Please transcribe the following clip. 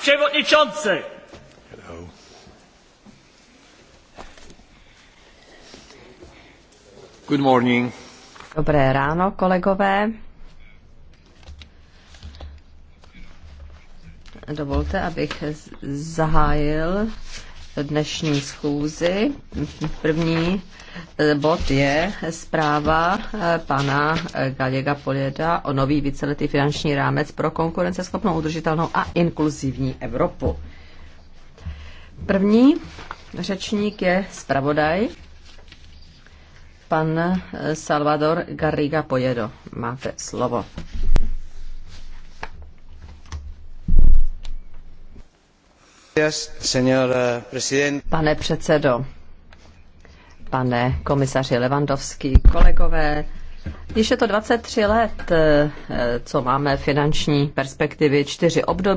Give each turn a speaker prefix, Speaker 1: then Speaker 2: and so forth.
Speaker 1: przewodniczący! Hello.
Speaker 2: Good morning.
Speaker 3: Dobré ráno, kolegové. Dovolte, abych zahájil dnešní schůzi. První bod je zpráva eh, pana eh, Gallega Poljeda o nový víceletý finanční rámec pro konkurenceschopnou, udržitelnou a inkluzivní Evropu. První řečník je zpravodaj, pan eh, Salvador Garriga Polledo Máte slovo. Pane předsedo, pane komisaři Levandovský,
Speaker 4: kolegové.
Speaker 3: Již je to 23 let, eh, co máme finanční perspektivy, čtyři období.